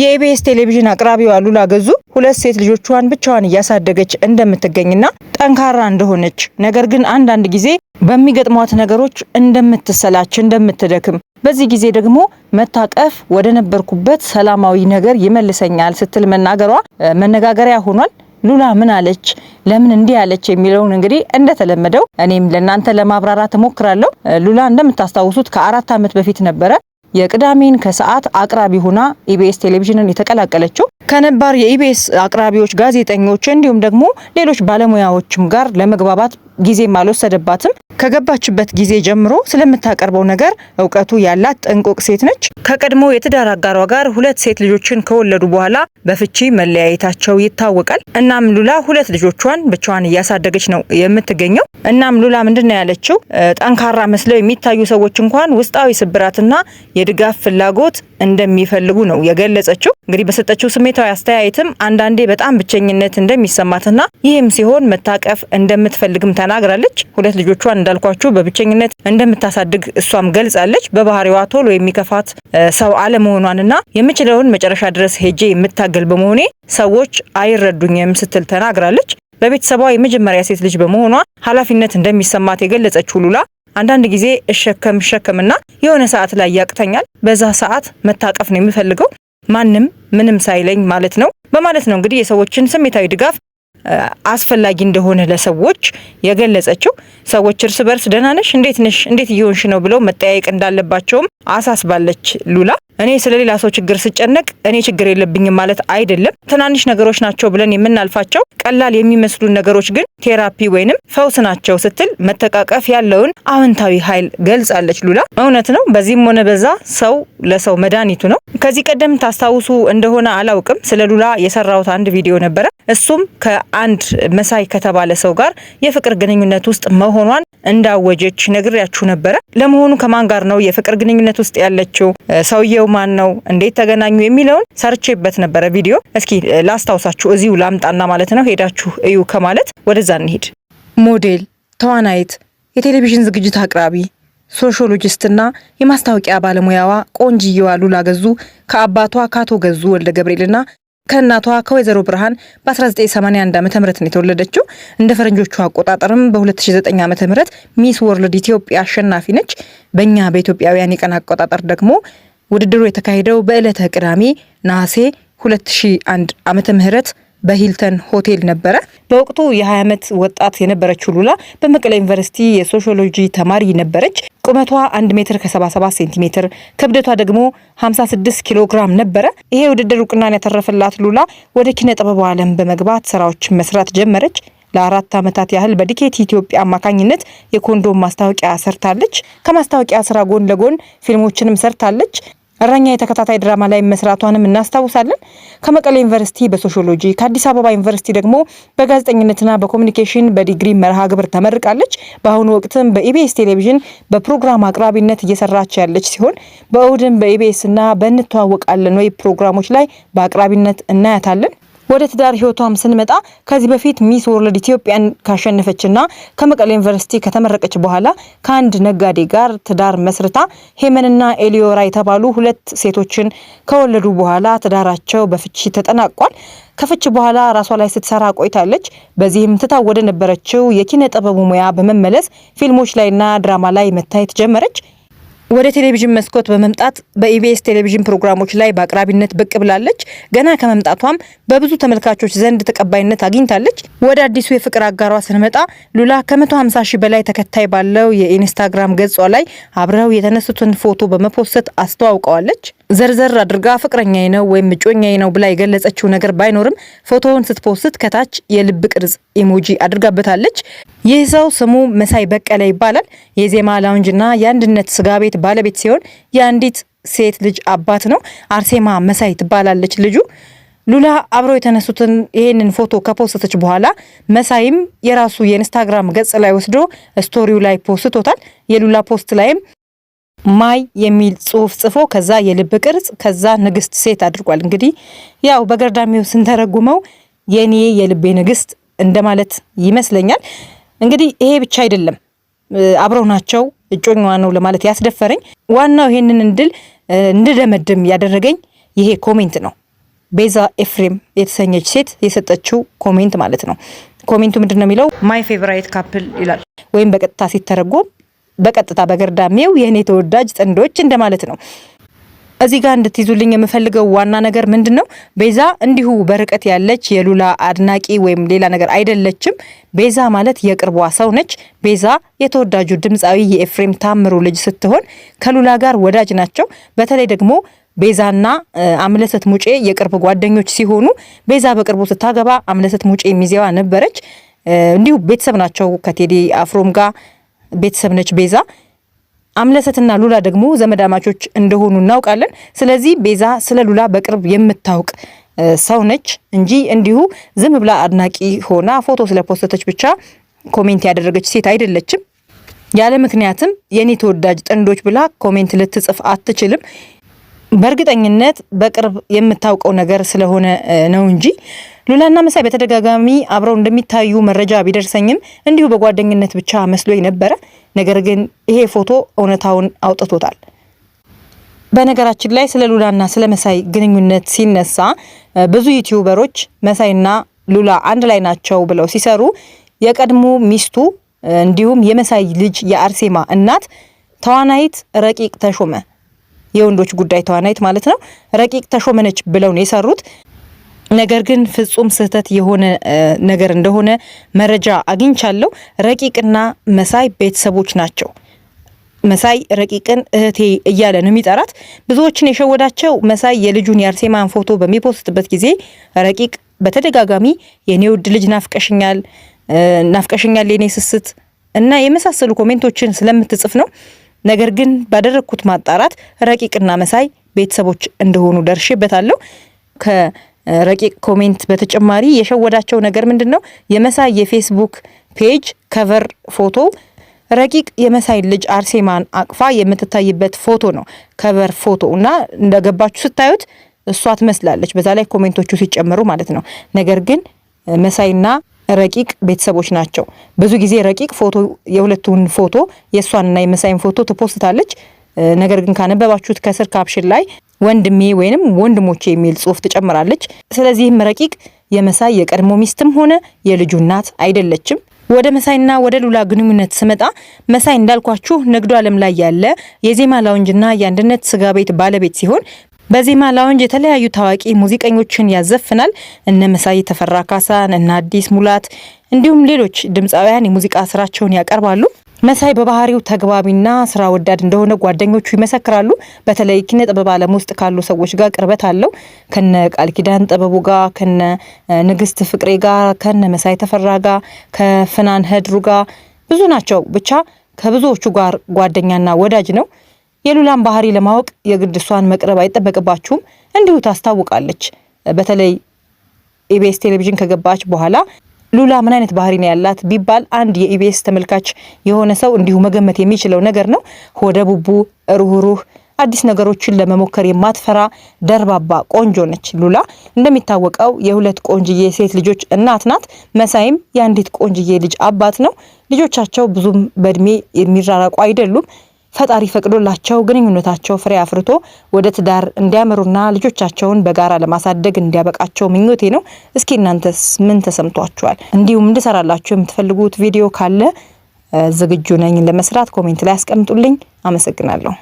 የኢቢኤስ ቴሌቪዥን አቅራቢው አሉላ ገዙ ሁለት ሴት ልጆቿን ብቻዋን እያሳደገች እንደምትገኝና ጠንካራ እንደሆነች ነገር ግን አንዳንድ ጊዜ በሚገጥሟት ነገሮች እንደምትሰላች፣ እንደምትደክም በዚህ ጊዜ ደግሞ መታቀፍ ወደ ነበርኩበት ሰላማዊ ነገር ይመልሰኛል ስትል መናገሯ መነጋገሪያ ሆኗል። ሉላ ምን አለች? ለምን እንዲህ አለች? የሚለውን እንግዲህ እንደተለመደው እኔም ለእናንተ ለማብራራት እሞክራለሁ። ሉላ እንደምታስታውሱት ከአራት ዓመት በፊት ነበረ የቅዳሜን ከሰዓት አቅራቢ ሆና ኢቢኤስ ቴሌቪዥንን የተቀላቀለችው ከነባር የኢቢኤስ አቅራቢዎች፣ ጋዜጠኞች እንዲሁም ደግሞ ሌሎች ባለሙያዎችም ጋር ለመግባባት ጊዜም አልወሰደባትም። ከገባችበት ጊዜ ጀምሮ ስለምታቀርበው ነገር እውቀቱ ያላት ጥንቁቅ ሴት ነች። ከቀድሞ የትዳር አጋሯ ጋር ሁለት ሴት ልጆችን ከወለዱ በኋላ በፍቺ መለያየታቸው ይታወቃል። እናም ሉላ ሁለት ልጆቿን ብቻዋን እያሳደገች ነው የምትገኘው። እናም ሉላ ምንድን ነው ያለችው? ጠንካራ መስለው የሚታዩ ሰዎች እንኳን ውስጣዊ ስብራትና የድጋፍ ፍላጎት እንደሚፈልጉ ነው የገለጸችው። እንግዲህ በሰጠችው ስሜታዊ አስተያየትም አንዳንዴ በጣም ብቸኝነት እንደሚሰማትና ይህም ሲሆን መታቀፍ እንደምትፈልግም ተናግራለች። ሁለት ልጆቿን እንዳልኳችሁ በብቸኝነት እንደምታሳድግ እሷም ገልጻለች። በባህሪዋ ቶሎ የሚከፋት ሰው አለመሆኗንና የምችለውን መጨረሻ ድረስ ሄጄ የምታገል በመሆኔ ሰዎች አይረዱኝም ስትል ተናግራለች። በቤተሰቧ የመጀመሪያ ሴት ልጅ በመሆኗ ኃላፊነት እንደሚሰማት የገለጸችው ሉላ አንዳንድ ጊዜ እሸከም እሸከምና የሆነ ሰዓት ላይ ያቅተኛል፣ በዛ ሰዓት መታቀፍ ነው የሚፈልገው ማንም ምንም ሳይለኝ ማለት ነው በማለት ነው እንግዲህ የሰዎችን ስሜታዊ ድጋፍ አስፈላጊ እንደሆነ ለሰዎች የገለጸችው። ሰዎች እርስ በርስ ደህና ነሽ፣ እንዴት ነሽ፣ እንዴት እየሆንሽ ነው ብለው መጠያየቅ እንዳለባቸውም አሳስባለች ሉላ። እኔ ስለሌላ ሰው ችግር ስጨነቅ እኔ ችግር የለብኝም ማለት አይደለም። ትናንሽ ነገሮች ናቸው ብለን የምናልፋቸው ቀላል የሚመስሉ ነገሮች ግን ቴራፒ ወይንም ፈውስ ናቸው ስትል መተቃቀፍ ያለውን አዎንታዊ ኃይል ገልጻለች ሉላ። እውነት ነው። በዚህም ሆነ በዛ ሰው ለሰው መድኃኒቱ ነው። ከዚህ ቀደም ታስታውሱ እንደሆነ አላውቅም፣ ስለ ሉላ የሰራሁት አንድ ቪዲዮ ነበረ። እሱም ከአንድ መሳይ ከተባለ ሰው ጋር የፍቅር ግንኙነት ውስጥ መሆኗን እንዳወጀች ነግሬያችሁ ነበረ። ለመሆኑ ከማን ጋር ነው የፍቅር ግንኙነት ውስጥ ያለችው? ሰውየው ማን ነው? እንዴት ተገናኙ? የሚለውን ሰርቼበት ነበረ ቪዲዮ። እስኪ ላስታውሳችሁ፣ እዚሁ ላምጣና ማለት ነው ሄዳችሁ እዩ ከማለት ወደዛ እንሄድ ሞዴል፣ ተዋናይት፣ የቴሌቪዥን ዝግጅት አቅራቢ ሶሾሎጂስትና የማስታወቂያ ባለሙያዋ ቆንጅየዋ ሉላ ገዙ ከአባቷ ከአቶ ገዙ ወልደ ገብርኤልና ከእናቷ ከወይዘሮ ብርሃን በ1981 ዓ ም ነው የተወለደችው። እንደ ፈረንጆቹ አቆጣጠርም በ2009 ዓ ም ሚስ ወርልድ ኢትዮጵያ አሸናፊ ነች። በእኛ በኢትዮጵያውያን የቀን አቆጣጠር ደግሞ ውድድሩ የተካሄደው በዕለተ ቅዳሜ ነሐሴ 2001 ዓ ም በሂልተን ሆቴል ነበረ። በወቅቱ የ20 ዓመት ወጣት የነበረችው ሉላ በመቀለ ዩኒቨርሲቲ የሶሺዮሎጂ ተማሪ ነበረች። ቁመቷ 1 ሜትር ከ77 ሴንቲሜትር ክብደቷ ደግሞ 56 ኪሎ ግራም ነበረ። ይሄ ውድድር እውቅናን ያተረፈላት ሉላ ወደ ኪነ ጥበቡ ዓለም በመግባት ስራዎችን መስራት ጀመረች። ለአራት ዓመታት ያህል በዲኬት ኢትዮጵያ አማካኝነት የኮንዶም ማስታወቂያ ሰርታለች። ከማስታወቂያ ስራ ጎን ለጎን ፊልሞችንም ሰርታለች። እረኛ የተከታታይ ድራማ ላይ መስራቷንም እናስታውሳለን። ከመቀሌ ዩኒቨርሲቲ በሶሽሎጂ ከአዲስ አበባ ዩኒቨርሲቲ ደግሞ በጋዜጠኝነትና በኮሚኒኬሽን በዲግሪ መርሃ ግብር ተመርቃለች። በአሁኑ ወቅትም በኢቢኤስ ቴሌቪዥን በፕሮግራም አቅራቢነት እየሰራች ያለች ሲሆን በእሁድም በኢቢኤስና በእንተዋወቃለን ወይ ፕሮግራሞች ላይ በአቅራቢነት እናያታለን። ወደ ትዳር ህይወቷም ስንመጣ ከዚህ በፊት ሚስ ወርልድ ኢትዮጵያን ካሸነፈችና ከመቀሌ ዩኒቨርሲቲ ከተመረቀች በኋላ ከአንድ ነጋዴ ጋር ትዳር መስርታ ሄመንና ኤሊዮራ የተባሉ ሁለት ሴቶችን ከወለዱ በኋላ ትዳራቸው በፍቺ ተጠናቋል። ከፍች በኋላ ራሷ ላይ ስትሰራ ቆይታለች። በዚህም ትታ ወደ ነበረችው የኪነ ጥበቡ ሙያ በመመለስ ፊልሞች ላይና ድራማ ላይ መታየት ጀመረች። ወደ ቴሌቪዥን መስኮት በመምጣት በኢቢኤስ ቴሌቪዥን ፕሮግራሞች ላይ በአቅራቢነት ብቅ ብላለች። ገና ከመምጣቷም በብዙ ተመልካቾች ዘንድ ተቀባይነት አግኝታለች። ወደ አዲሱ የፍቅር አጋሯ ስንመጣ ሉላ ከ150 ሺህ በላይ ተከታይ ባለው የኢንስታግራም ገጿ ላይ አብረው የተነሱትን ፎቶ በመፖሰት አስተዋውቀዋለች። ዘርዘር አድርጋ ፍቅረኛዬ ነው ወይም እጮኛዬ ነው ብላ የገለጸችው ነገር ባይኖርም ፎቶውን ስትፖስት ከታች የልብ ቅርጽ ኢሞጂ አድርጋበታለች። ይህ ሰው ስሙ መሳይ በቀለ ይባላል። የዜማ ላውንጅና የአንድነት ስጋ ቤት ባለቤት ሲሆን የአንዲት ሴት ልጅ አባት ነው። አርሴማ መሳይ ትባላለች ልጁ። ሉላ አብሮ የተነሱትን ይህንን ፎቶ ከፖስተች በኋላ መሳይም የራሱ የኢንስታግራም ገጽ ላይ ወስዶ ስቶሪው ላይ ፖስቶታል። የሉላ ፖስት ላይም ማይ የሚል ጽሁፍ ጽፎ ከዛ የልብ ቅርጽ ከዛ ንግስት ሴት አድርጓል። እንግዲህ ያው በገርዳሚው ስንተረጉመው የኔ የልቤ ንግስት እንደማለት ይመስለኛል። እንግዲህ ይሄ ብቻ አይደለም፣ አብረው ናቸው እጮኛዋ ነው ለማለት ያስደፈረኝ ዋናው ይሄንን እንድል እንድደመድም ያደረገኝ ይሄ ኮሜንት ነው። ቤዛ ኤፍሬም የተሰኘች ሴት የሰጠችው ኮሜንት ማለት ነው። ኮሜንቱ ምንድን ነው የሚለው? ማይ ፌቨራይት ካፕል ይላል፣ ወይም በቀጥታ ሲተረጎም በቀጥታ በገርዳሜው የእኔ ተወዳጅ ጥንዶች እንደማለት ነው። እዚህ ጋር እንድትይዙልኝ የምፈልገው ዋና ነገር ምንድን ነው? ቤዛ እንዲሁ በርቀት ያለች የሉላ አድናቂ ወይም ሌላ ነገር አይደለችም። ቤዛ ማለት የቅርቧ ሰው ነች። ቤዛ የተወዳጁ ድምፃዊ የኤፍሬም ታምሩ ልጅ ስትሆን ከሉላ ጋር ወዳጅ ናቸው። በተለይ ደግሞ ቤዛና አምለሰት ሙጬ የቅርብ ጓደኞች ሲሆኑ ቤዛ በቅርቡ ስታገባ አምለሰት ሙጬ ሚዜዋ ነበረች። እንዲሁ ቤተሰብ ናቸው። ከቴዲ አፍሮም ጋር ቤተሰብ ነች ቤዛ አምለሰትና ሉላ ደግሞ ዘመዳማቾች እንደሆኑ እናውቃለን። ስለዚህ ቤዛ ስለ ሉላ በቅርብ የምታውቅ ሰው ነች እንጂ እንዲሁ ዝም ብላ አድናቂ ሆና ፎቶ ስለፖስተች ብቻ ኮሜንት ያደረገች ሴት አይደለችም። ያለ ምክንያትም የኔ ተወዳጅ ጥንዶች ብላ ኮሜንት ልትጽፍ አትችልም። በእርግጠኝነት በቅርብ የምታውቀው ነገር ስለሆነ ነው እንጂ ሉላና መሳይ በተደጋጋሚ አብረው እንደሚታዩ መረጃ ቢደርሰኝም እንዲሁ በጓደኝነት ብቻ መስሎኝ ነበረ። ነገር ግን ይሄ ፎቶ እውነታውን አውጥቶታል። በነገራችን ላይ ስለ ሉላና ስለ መሳይ ግንኙነት ሲነሳ ብዙ ዩቲዩበሮች መሳይና ሉላ አንድ ላይ ናቸው ብለው ሲሰሩ የቀድሞ ሚስቱ እንዲሁም የመሳይ ልጅ የአርሴማ እናት ተዋናይት ረቂቅ ተሾመ የወንዶች ጉዳይ ተዋናይት ማለት ነው። ረቂቅ ተሾመነች ብለው ነው የሰሩት። ነገር ግን ፍጹም ስህተት የሆነ ነገር እንደሆነ መረጃ አግኝቻለሁ። ረቂቅና መሳይ ቤተሰቦች ናቸው። መሳይ ረቂቅን እህቴ እያለ ነው የሚጠራት። ብዙዎችን የሸወዳቸው መሳይ የልጁን የአርሴማን ፎቶ በሚፖስትበት ጊዜ ረቂቅ በተደጋጋሚ የኔ ውድ ልጅ ናፍቀሽኛል፣ ናፍቀሽኛል የኔ ስስት እና የመሳሰሉ ኮሜንቶችን ስለምትጽፍ ነው። ነገር ግን ባደረግኩት ማጣራት ረቂቅና መሳይ ቤተሰቦች እንደሆኑ ደርሼበታለሁ። ረቂቅ ኮሜንት በተጨማሪ የሸወዳቸው ነገር ምንድን ነው? የመሳይ የፌስቡክ ፔጅ ከቨር ፎቶ ረቂቅ የመሳይ ልጅ አርሴማን አቅፋ የምትታይበት ፎቶ ነው ከቨር ፎቶ እና እንደገባችሁ ስታዩት እሷ ትመስላለች። በዛ ላይ ኮሜንቶቹ ሲጨምሩ ማለት ነው። ነገር ግን መሳይና ረቂቅ ቤተሰቦች ናቸው። ብዙ ጊዜ ረቂቅ ፎቶ የሁለቱን ፎቶ የእሷንና የመሳይን ፎቶ ትፖስታለች። ነገር ግን ካነበባችሁት ከስር ካፕሽን ላይ ወንድሜ ወይንም ወንድሞቼ የሚል ጽሁፍ ትጨምራለች። ስለዚህም ረቂቅ የመሳይ የቀድሞ ሚስትም ሆነ የልጁ እናት አይደለችም። ወደ መሳይና ወደ ሉላ ግንኙነት ስመጣ መሳይ እንዳልኳችሁ ንግዱ ዓለም ላይ ያለ የዜማ ላውንጅና የአንድነት ስጋ ቤት ባለቤት ሲሆን በዜማ ላውንጅ የተለያዩ ታዋቂ ሙዚቀኞችን ያዘፍናል። እነ መሳይ ተፈራ ካሳን፣ እነ አዲስ ሙላት እንዲሁም ሌሎች ድምፃውያን የሙዚቃ ስራቸውን ያቀርባሉ። መሳይ በባህሪው ተግባቢና ስራ ወዳድ እንደሆነ ጓደኞቹ ይመሰክራሉ። በተለይ ኪነ ጥበብ ዓለም ውስጥ ካሉ ሰዎች ጋር ቅርበት አለው። ከነ ቃል ኪዳን ጥበቡ ጋር፣ ከነ ንግስት ፍቅሬ ጋር፣ ከነ መሳይ ተፈራ ጋር፣ ከፍናን ህድሩ ጋር ብዙ ናቸው። ብቻ ከብዙዎቹ ጋር ጓደኛና ወዳጅ ነው። የሉላን ባህሪ ለማወቅ የግድ እሷን መቅረብ አይጠበቅባችሁም፣ እንዲሁ ታስታውቃለች። በተለይ ኢቢኤስ ቴሌቪዥን ከገባች በኋላ ሉላ ምን አይነት ባህሪ ነው ያላት ቢባል አንድ የኢቢኤስ ተመልካች የሆነ ሰው እንዲሁ መገመት የሚችለው ነገር ነው። ሆደ ቡቡ፣ ሩህሩህ፣ አዲስ ነገሮችን ለመሞከር የማትፈራ ደርባባ ቆንጆ ነች። ሉላ እንደሚታወቀው የሁለት ቆንጅዬ ሴት ልጆች እናት ናት። መሳይም የአንዲት ቆንጅዬ ልጅ አባት ነው። ልጆቻቸው ብዙም በእድሜ የሚራራቁ አይደሉም። ፈጣሪ ፈቅዶላቸው ግንኙነታቸው ፍሬ አፍርቶ ወደ ትዳር እንዲያመሩና ልጆቻቸውን በጋራ ለማሳደግ እንዲያበቃቸው ምኞቴ ነው። እስኪ እናንተስ ምን ተሰምቷችኋል? እንዲሁም እንድሰራላችሁ የምትፈልጉት ቪዲዮ ካለ ዝግጁ ነኝ ለመስራት። ኮሜንት ላይ አስቀምጡልኝ። አመሰግናለሁ።